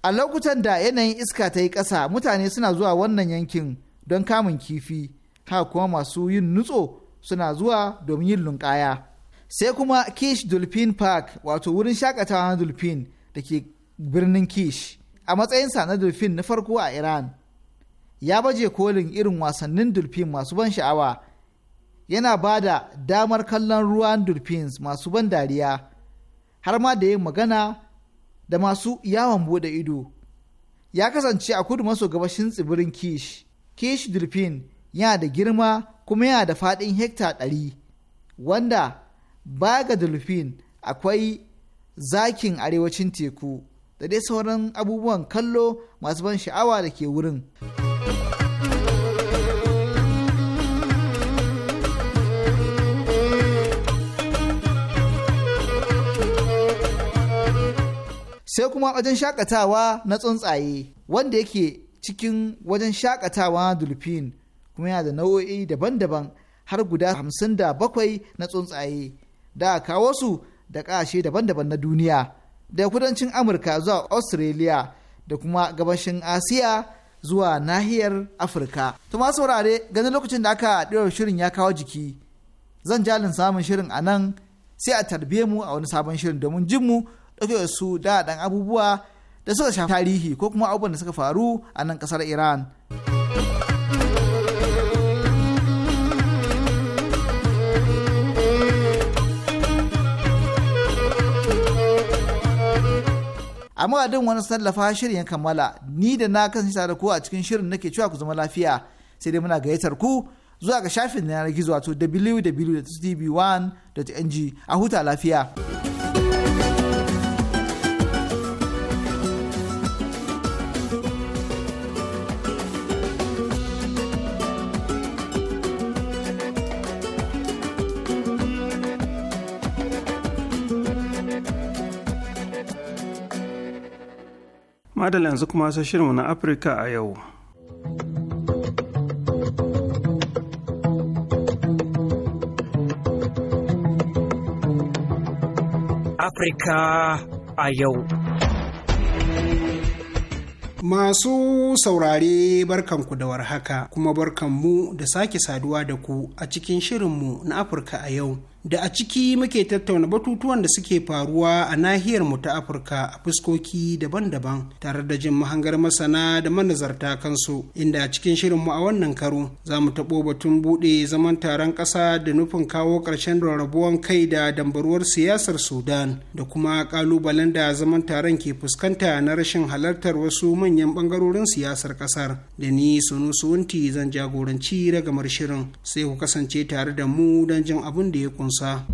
a lokutan da yanayin iska ta yi ƙasa mutane suna zuwa wannan yankin don kamun kifi haka kuma masu yin nutso suna zuwa domin yin lunƙaya sai kuma kish dolphin park wato wurin shakatawa na dolphin da ke birnin kish a matsayinsa na dolphin na farko a iran ya baje kolin irin wasannin dolphin masu ban sha'awa yana ba da damar kallon ruwan dolphins masu ban dariya har ma da yin magana da masu yawon bude ido ya kasance a kudu maso gabashin tsibirin kish kish dolphin yana da girma kuma yana da faɗin hekta ɗari wanda baya ga dolphin akwai zakin arewacin teku da dai sauran abubuwan kallo masu ban sha'awa da ke wurin. sai kuma wajen shakatawa na tsuntsaye wanda yake cikin wajen shakatawa na dulfin kuma yana da nau'o'i daban-daban har guda hamsin da bakwai na tsuntsaye da kawo su da kashe daban-daban na duniya da kudancin amurka zuwa australia da kuma gabashin asiya zuwa nahiyar afirka to masu wurare ganin lokacin da aka ɗora shirin ya kawo jiki zan jalin samun shirin a nan sai a tarbe mu a wani sabon shirin domin jin mu ɗauke da su da ɗan abubuwa da suka shafi tarihi ko kuma abubuwan da suka faru a nan ƙasar Iran. a madadin wani sallafa shirin kammala ni da na kan da ku a cikin shirin nake cewa ku zama lafiya sai dai muna gayyatar ku zuwa ga shafin yanar gizo wato www.tv1.ng a huta lafiya. madalla yanzu kuma sai shirinmu na afirka a yau Afirka a yau. Masu saurare barkanku da warhaka kuma mu da sake saduwa da ku a cikin shirinmu na Afirka a yau. da a ciki muke tattauna batutuwan da suke faruwa a nahiyar mu ta Afirka a fuskoki daban-daban tare da jin mahangar masana da manazarta kansu inda a cikin shirin mu a wannan karo za mu taɓo batun buɗe zaman taron ƙasa da nufin kawo ƙarshen rarrabuwan kai da dambaruwar siyasar Sudan da kuma ƙalubalen da zaman taron ke fuskanta na rashin halartar wasu manyan ɓangarorin siyasar ƙasar da ni Sunu Suwunti zan jagoranci ragamar shirin sai ku kasance tare da mu don jin abin da ya usar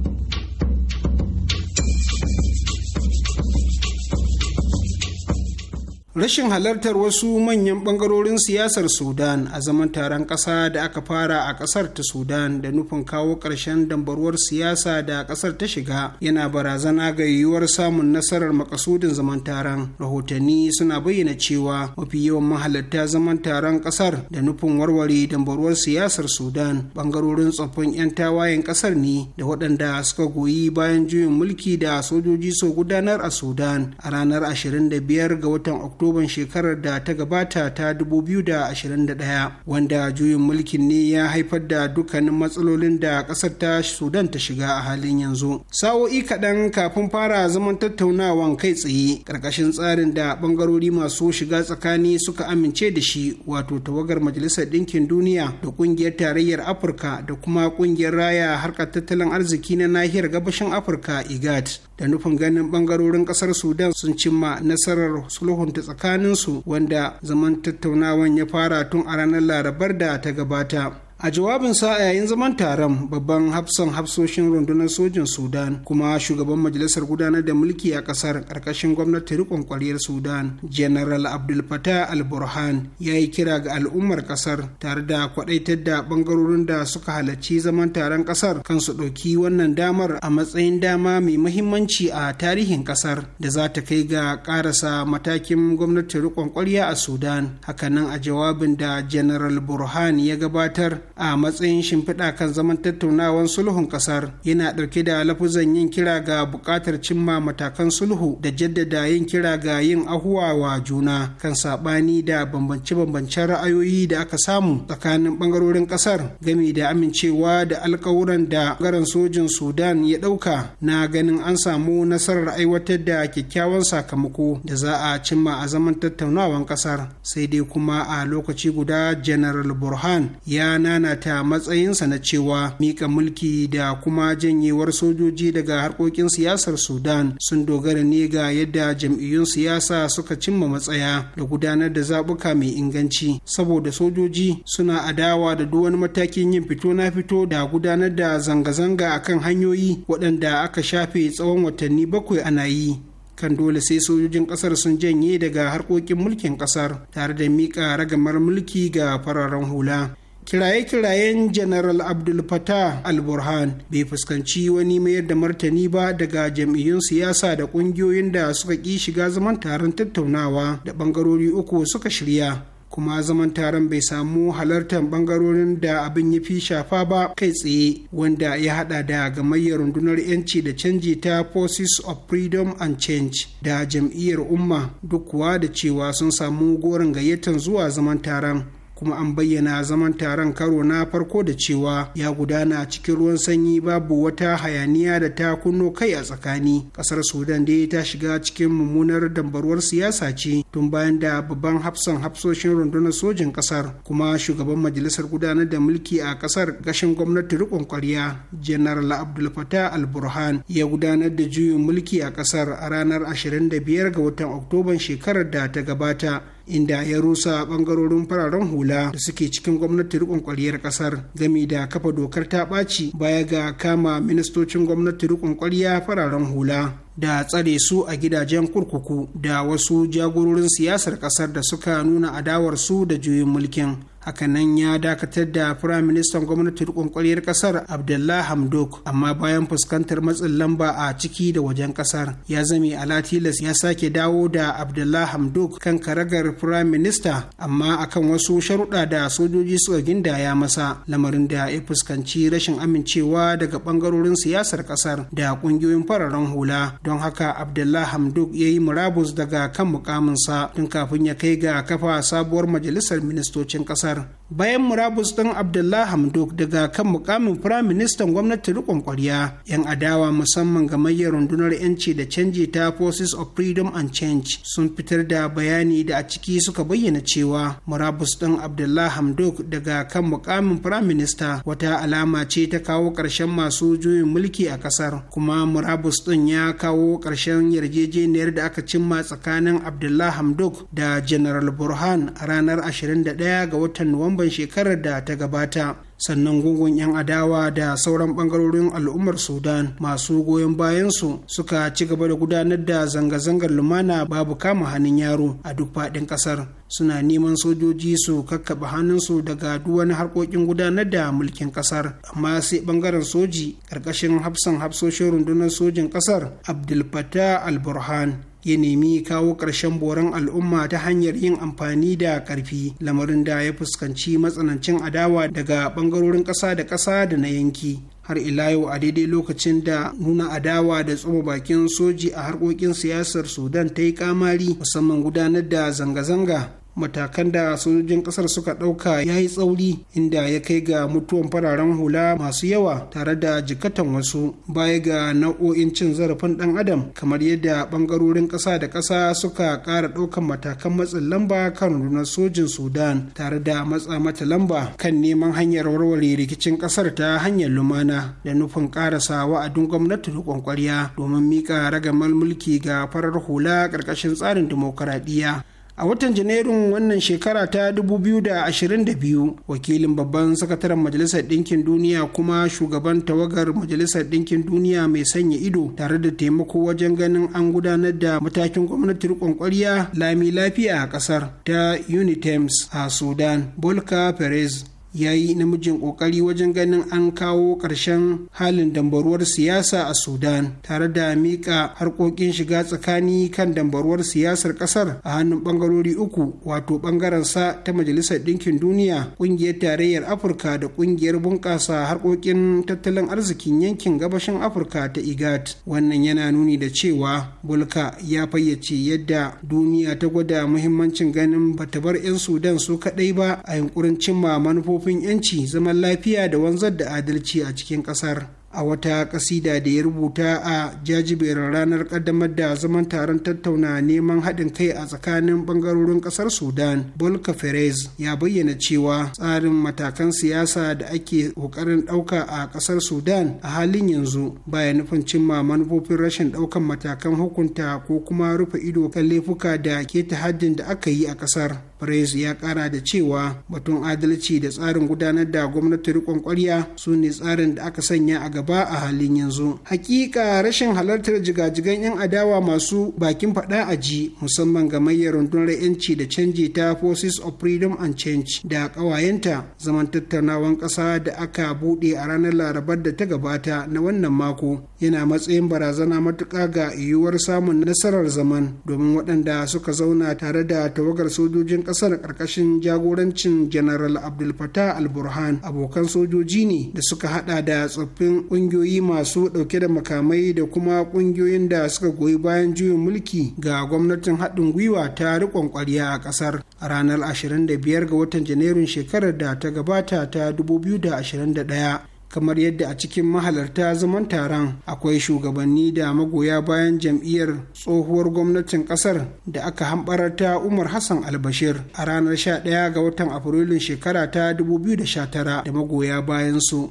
rashin halartar wasu manyan bangarorin siyasar sudan a zaman taron ƙasa da aka fara a ƙasar ta sudan da nufin kawo ƙarshen dambaruwar siyasa da ƙasar ta shiga yana barazana ga yiwuwar samun nasarar makasudin zaman taron rahotanni suna bayyana cewa mafi yawan mahalarta zaman taron ƙasar da nufin warware dambaruwar siyasar sudan bangarorin tsoffin 'yan tawayen ƙasar ne da waɗanda suka goyi bayan juyin mulki da sojoji so gudanar a sudan a ranar 25 ga watan oktoba oktoban shekarar da ta gabata ta 2021 wanda juyin mulkin ne ya haifar da dukkanin matsalolin da ƙasar ta sudan ta shiga a halin yanzu sa'o'i kaɗan kafin fara zaman tattaunawan kai tsaye ƙarƙashin tsarin da ɓangarori masu shiga tsakani suka amince da shi wato tawagar majalisar ɗinkin duniya da ƙungiyar tarayyar afirka da kuma ƙungiyar raya harkar tattalin arziki na nahiyar gabashin afirka igat da nufin ganin ɓangarorin ƙasar sudan sun cimma nasarar sulhunta tsakaninsu wanda zaman tattaunawan ya fara tun a ranar larabar da ta gabata a jawabinsa a yayin zaman taron babban hafsan hafsoshin rundunar sojin sudan kuma shugaban majalisar gudanar da mulki a kasar karkashin gwamnati rikon kwariyar sudan general abdul fatah al burhan ya yi kira ga al'ummar kasar tare da kwadaitar da bangarorin da suka halarci zaman taron kasar kan su ɗauki wannan damar a matsayin dama mai muhimmanci a tarihin kasar da za ta kai ga karasa matakin gwamnati rikon kwariya a sudan hakanan a jawabin da general burhan ya gabatar a matsayin shimfiɗa kan zaman tattaunawar sulhun ƙasar yana ɗauke da lafuzan yin kira ga buƙatar cimma matakan sulhu da jaddada yin kira ga yin ahuwa wa juna kan saɓani da bambance-bambancen ra'ayoyi da aka samu tsakanin ɓangarorin ƙasar game da amincewa da alkawuran da garan sojin sudan ya ɗauka na ganin an samu nasarar aiwatar da kyakkyawan sakamako da za a cimma a zaman tattaunawan ƙasar sai dai kuma a lokaci guda general burhan ya nana ta matsayinsa na cewa mika mulki da kuma janyewar sojoji daga harkokin siyasar sudan sun dogara ne ga yadda jam'iyyun siyasa suka cimma matsaya da gudanar da zaɓuka mai inganci saboda sojoji suna adawa da duk wani matakin yin fito na fito da gudanar da zanga-zanga a kan hanyoyi waɗanda aka shafe tsawon watanni bakwai ana yi kan dole sai sojojin kasar sun janye daga harkokin mulkin kasar tare da miƙa ragamar mulki ga fararen hula kiraye-kirayen general abdul fatah al-burhan bai fuskanci wani mayar da martani ba daga jam'iyyun siyasa da ƙungiyoyin da suka ƙi shiga zaman taron tattaunawa da ɓangarori uku suka shirya kuma zaman taron bai samu halartar bangarorin da abin ya fi shafa ba kai tsaye wanda ya hada da gamayyar rundunar yanci da canji ta forces of freedom and change da jam'iyyar umma duk kuwa da cewa sun samu gorin gayyatar zuwa zaman taron kuma an bayyana zaman taron karo na farko da cewa ya gudana cikin ruwan sanyi babu wata hayaniya da ta kunno kai a tsakani kasar sudan dai ta shiga cikin mummunar dambarwar siyasa ce tun bayan da babban hafsan hafsoshin rundunar sojin kasar kuma shugaban majalisar gudanar da mulki a kasar gashin gwamnati rikon kwarya general abdul fatah al burhan ya gudanar da juyin mulki a kasar a ranar 25 ga watan oktoban shekarar da ta gabata inda ya rusa bangarorin fararen hula da suke cikin gwamnati rikon kwaliyar kasar gami da kafa dokar ta ɓaci baya ga kama ministocin gwamnati rikon kwaliya fararen hula da tsare su a gidajen kurkuku da wasu jagororin siyasar kasar da suka nuna adawarsu da juyin mulkin hakanan ya dakatar da firayim ministan gwamnatin kwankwariyar kasar abdullah hamdok amma bayan fuskantar matsin lamba a ciki da wajen kasar ya zame alatilas ya sake dawo da abdullah hamdok kan karagar firayim minista amma akan wasu sharuɗa da sojoji suka ginda ya masa lamarin da ya fuskanci rashin amincewa daga ɓangarorin siyasar kasar da ƙungiyoyin fararen hula don haka abdullah hamdok ya yi murabus daga kan mukaminsa tun kafin ya kai ga kafa sabuwar majalisar ministocin kasar ¡Gracias! bayan murabus ɗin abdullah hamduk daga kan mukamin firaministan gwamnati rikon kwarya yan adawa musamman ga gamayyar rundunar yanci da canji ta forces of freedom and change sun fitar da bayani da a ciki suka bayyana cewa murabus ɗin abdullah hamduk daga kan mukamin firaminista wata alama ce ta kawo ƙarshen masu juyin mulki a ƙasar kuma murabus ɗin ya kawo ƙarshen yarjejeniyar da aka cimma tsakanin Abdullahi hamduk da general burhan a ranar 21 ga watan nuwamba oktoban shekarar da ta gabata sannan gungun 'yan adawa da sauran bangarorin al'ummar sudan masu goyon bayansu suka ci gaba da gudanar da zanga-zangar lumana babu kama hannun yaro a duk faɗin ƙasar suna neman sojoji su kakkaɓe hannunsu daga duwani harkokin gudanar da mulkin ƙasar amma sai bangaren soji ƙarƙashin hafsan hafsoshin rundunar sojin ƙasar abdulfatah al-burhan ya nemi kawo ƙarshen boron al'umma ta hanyar yin amfani da ƙarfi lamarin da ya fuskanci matsanancin adawa daga ɓangarorin ƙasa da ƙasa da na yanki har ila yau a daidai lokacin da nuna adawa da tsoma bakin soji a harkokin siyasar sudan ta yi kamari musamman gudanar da zanga-zanga matakan da sojojin kasar suka ɗauka ya yi tsauri inda ya kai ga mutuwan fararen hula masu yawa tare da jikatan wasu baya ga nau'o'in cin zarafin ɗan adam kamar yadda ɓangarorin ƙasa da ƙasa suka ƙara ɗaukan matakan matsin lamba kan rundunar sojin sudan tare da matsa mata lamba kan neman hanyar warware rikicin ƙasar ta hanyar lumana da nufin ƙarasa wa'adin gwamnati da kwankwarya domin miƙa ragamar mulki ga farar hula ƙarƙashin tsarin dimokuraɗiyya a watan janairun wannan shekara ta 2022 wakilin babban sakataren majalisar ɗinkin duniya kuma shugaban tawagar majalisar ɗinkin duniya mai sanya ido tare da taimako wajen ganin an gudanar da matakin gwamnatin riƙon ƙwarya lami lafiya a ƙasar ta unitems a sudan bolka perez ya yi namijin ƙoƙari wajen ganin an kawo ƙarshen halin dambaruwar siyasa a sudan tare da miƙa harkokin shiga tsakani kan dambaruwar siyasar ƙasar a hannun ɓangarori uku wato ɓangarensa ta majalisar ɗinkin duniya ƙungiyar tarayyar afirka da ƙungiyar bunƙasa harkokin tattalin arzikin yankin gabashin afirka ta igat wannan yana nuni da cewa bulka ya fayyace yadda duniya ta gwada muhimmancin ganin bata bar 'yan sudan su kaɗai ba a yunkurin cimma manufofin manufofin 'yanci zaman lafiya da wanzar da adalci a cikin ƙasar a wata ƙasida da ya rubuta a jajiberin ranar ƙaddamar da zaman taron tattauna neman haɗin kai a tsakanin ɓangarorin ƙasar sudan bolka perez ya bayyana cewa tsarin matakan siyasa da ake ƙoƙarin ɗauka a ƙasar sudan a halin yanzu baya nufin cimma manufofin rashin ɗaukan matakan hukunta ko kuma rufe ido kan laifuka da ke haddin da aka yi a ƙasar Reyes ya kara da cewa batun adalci da tsarin gudanar da gwamnati rikon kwarya su ne tsarin da aka sanya a gaba a halin yanzu. Hakika rashin halartar jigajigan 'yan adawa masu bakin faɗa a ji musamman ga mayar rundunar 'yanci da canji ta Forces of Freedom and Change da ƙawayenta zaman tattaunawan ƙasa da aka buɗe a ranar Larabar da ta gabata na wannan mako yana matsayin barazana matuka ga yiwuwar samun nasarar zaman domin waɗanda suka zauna tare da tawagar sojojin ƙasar ƙarƙashin jagorancin general abdul fatah al-burhan abokan sojoji ne da suka haɗa da tsoffin ƙungiyoyi masu ɗauke da makamai da kuma ƙungiyoyin da suka goyi bayan juyin mulki ga gwamnatin haɗin gwiwa ta riƙon ƙwarya a ƙasar a ranar 25 ga watan janairun shekarar da ta gabata ta 2021 kamar yadda a cikin mahalarta zaman taron akwai shugabanni da magoya bayan jam'iyyar tsohuwar gwamnatin kasar da aka hambarar ta umar hassan albashir a ranar 11 ga watan afrilun shekara ta 2019 da magoya bayan su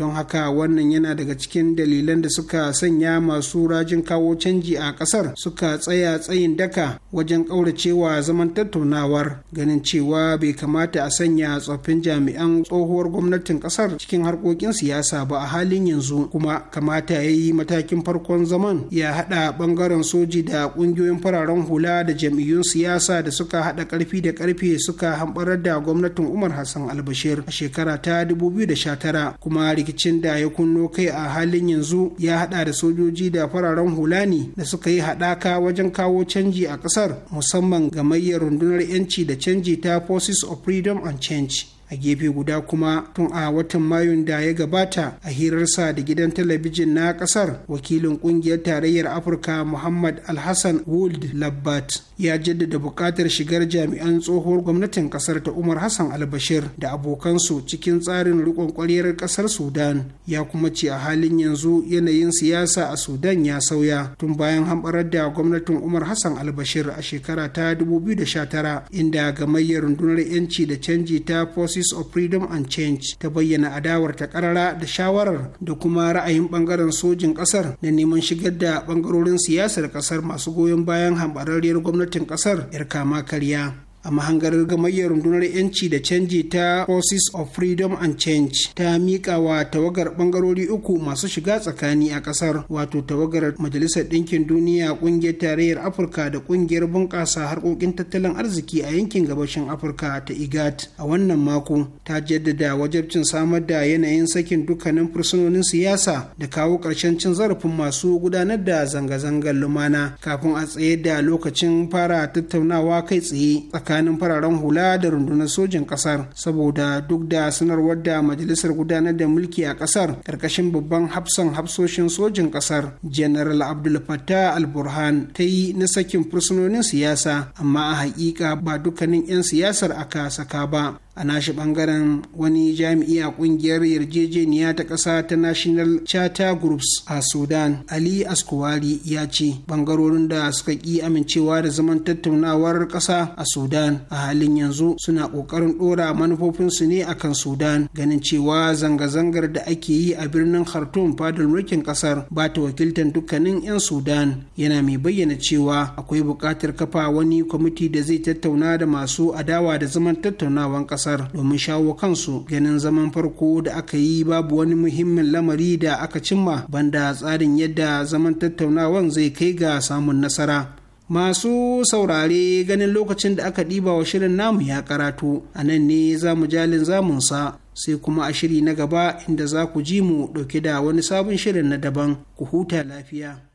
don haka wannan yana daga cikin dalilan da suka sanya masu rajin kawo canji a ƙasar suka tsaya tsayin daka wajen ƙauracewa zaman tattaunawar ganin cewa bai kamata a sanya tsoffin jami'an tsohuwar gwamnatin ƙasar cikin harkokin siyasa ba a halin yanzu kuma kamata ya yi matakin farkon zaman ya haɗa ɓangaren soji da ƙungiyoyin fararen hula da jam'iyyun siyasa da suka haɗa ƙarfi da ƙarfe suka hamɓarar da gwamnatin umar hassan albashir a shekara ta 2019 kuma rikicin da ya kunno kai a halin yanzu ya hada da sojoji da fararen hula ne da suka yi hadaka wajen kawo canji a kasar musamman ga gamayyar rundunar 'yanci da canji ta forces of freedom and change a gefe guda kuma tun a watan mayun da ya gabata a hirarsa da gidan talabijin na kasar wakilin kungiyar tarayyar afirka muhammad alhassan wold labbat ya jaddada buƙatar shigar jami'an tsohuwar gwamnatin kasar ta umar hassan albashir da abokansu cikin tsarin riƙon ƙwaryar kasar sudan ya kuma ce a halin yanzu yanayin siyasa a sudan ya sauya tun bayan hamɓarar da gwamnatin umar hassan albashir a shekara ta 2019 inda gamayyar rundunar 'yanci da canji ta fosi. Justice of Freedom and Change ta bayyana adawar ta karara da shawarar da kuma ra'ayin bangaren sojin kasar na neman shigar da bangarorin siyasar kasar masu goyon bayan hambararriyar gwamnatin kasar 'yar kama karya a mahangar gamayyar rundunar yanci da canji ta forces of freedom and change ta miƙa wa tawagar ɓangarori uku masu shiga tsakani a ƙasar wato tawagar majalisar ɗinkin duniya ƙungiyar tarayyar afirka da ƙungiyar bunƙasa harkokin tattalin arziki a yankin gabashin afirka ta igat a wannan mako ta jaddada wajabcin samar da yanayin sakin dukkanin fursunonin siyasa da kawo ƙarshen cin zarafin masu gudanar da zanga-zangar lumana kafin a tsaye da lokacin fara tattaunawa kai tsaye tsakanin fararen hula da rundunar sojin kasar saboda duk da sanarwar da majalisar gudanar da mulki a kasar karkashin babban hafsan hafsoshin sojin kasar general abdul fattah al-burhan ta yi na sakin fursunonin siyasa amma a hakika ba dukkanin 'yan siyasar aka saka ba a nashi bangaren wani jami'i a kungiyar yarjejeniya ta ƙasa ta national charter groups a sudan ali askuwari ya ce bangarorin da suka ƙi amincewa da zaman tattaunawar ƙasa a sudan a halin yanzu suna ƙoƙarin ɗora manufofinsu ne a kan sudan ganin cewa zanga-zangar da ake yi a birnin khartoum fadar mulkin ƙasar ba ta wakiltar dukkanin 'yan sudan yana mai bayyana cewa akwai buƙatar kafa wani kwamiti da zai tattauna da masu adawa da zaman tattaunawan ƙasa kasar domin shawo kansu ganin zaman farko da aka yi babu wani muhimmin lamari da aka cimma banda tsarin yadda zaman tattaunawan zai kai ga samun nasara masu saurare ganin lokacin da aka ɗiba wa shirin namu ya karatu a nan ne za mu jalin zamunsa sai kuma a shiri na gaba inda za ku ji mu ɗauke da wani sabon shirin na daban ku huta lafiya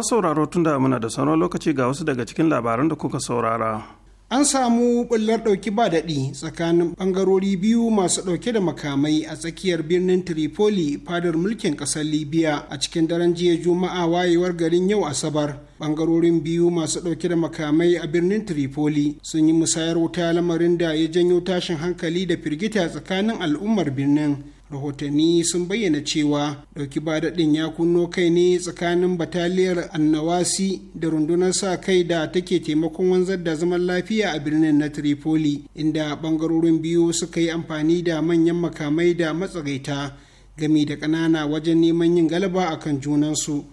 masu sauraro tun da muna da sauran lokaci ga wasu daga cikin labaran da kuka saurara. An samu bullar ɗauki ba daɗi tsakanin ɓangarori biyu masu ɗauke da makamai a tsakiyar birnin Tripoli fadar mulkin ƙasar Libya a cikin daren jiya Juma'a wayewar garin yau Asabar. bangarorin biyu masu ɗauke da makamai a birnin Tripoli sun yi musayar wuta lamarin da ya janyo tashin hankali da firgita tsakanin al'ummar birnin. rahotanni sun bayyana cewa ɗauki daɗin ya kunno kai ne tsakanin bataliyar annawasi da rundunar sa kai da take taimakon wanzar da zaman lafiya a birnin na tripoli inda ɓangarorin biyu suka yi amfani da manyan makamai da matsagaita gami da ƙanana wajen neman yin galaba kan junansu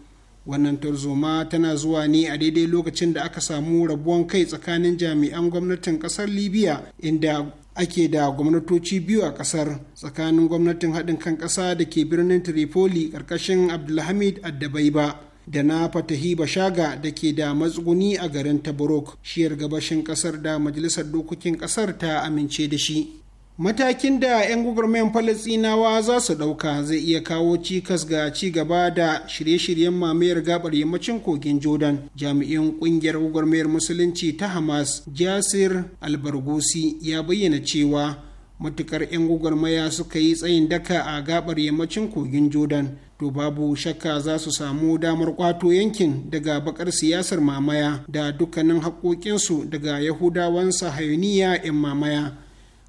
wannan tarzoma tana zuwa ne a daidai lokacin da aka samu rabuwan kai tsakanin jami'an gwamnatin kasar libya inda ake da gwamnatoci biyu a kasar tsakanin gwamnatin haɗin kan ƙasa da ke birnin tripoli ƙarƙashin abdulhamid addabaiba da na fatahi bashaga da ke da matsuguni a garin tabarok shiyar gabashin ƙasar da majalisar dokokin ƙasar ta amince da shi matakin da 'yan gwagwarmayan falasinawa za su ɗauka zai iya kawo cikas ga ci gaba da shirye-shiryen mamayar gabar yammacin kogin jordan jami'in ƙungiyar gwagwarmayar musulunci ta hamas jasir albargusi ya bayyana cewa matukar 'yan gwagwarmaya suka yi tsayin daka a gabar yammacin kogin jordan to babu shakka za su samu damar kwato yankin daga bakar siyasar mamaya da dukkanin haƙoƙinsu daga yahudawan sahayuniya 'yan mamaya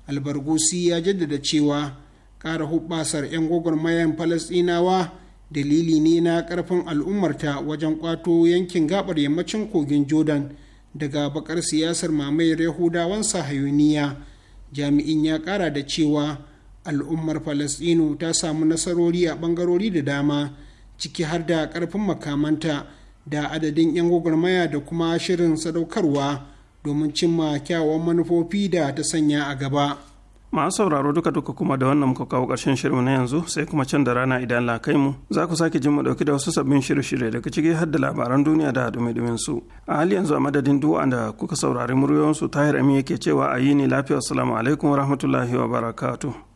albargusi ya jaddada cewa ƙara hubbasar 'yan gwagwarmayan falasɗinawa dalili ne na ƙarfin al'ummarta wajen ƙwato yankin gabar yammacin kogin jordan daga bakar siyasar mamayar yahudawan sahayuniya jami'in ya ƙara da cewa al'ummar falasɗinu ta samu nasarori a ɓangarori da dama ciki har da ƙarfin makamanta da adadin 'yan gwagwarmaya da kuma shirin sadaukarwa domin cimma kyawawan manufofi da ta sanya a gaba. masu sauraro duka duka kuma da wannan muka kawo ƙarshen shirin na yanzu sai kuma can da rana idan la kai mu za ku sake jin mu dauki da wasu sabbin shirye-shirye daga ciki har da labaran duniya da dumi-dumin su a hali yanzu a madadin duwa da kuka saurari muryoyin su tahir amin yake cewa a yi ne lafiya assalamu alaikum wa rahmatullahi wa barakatu.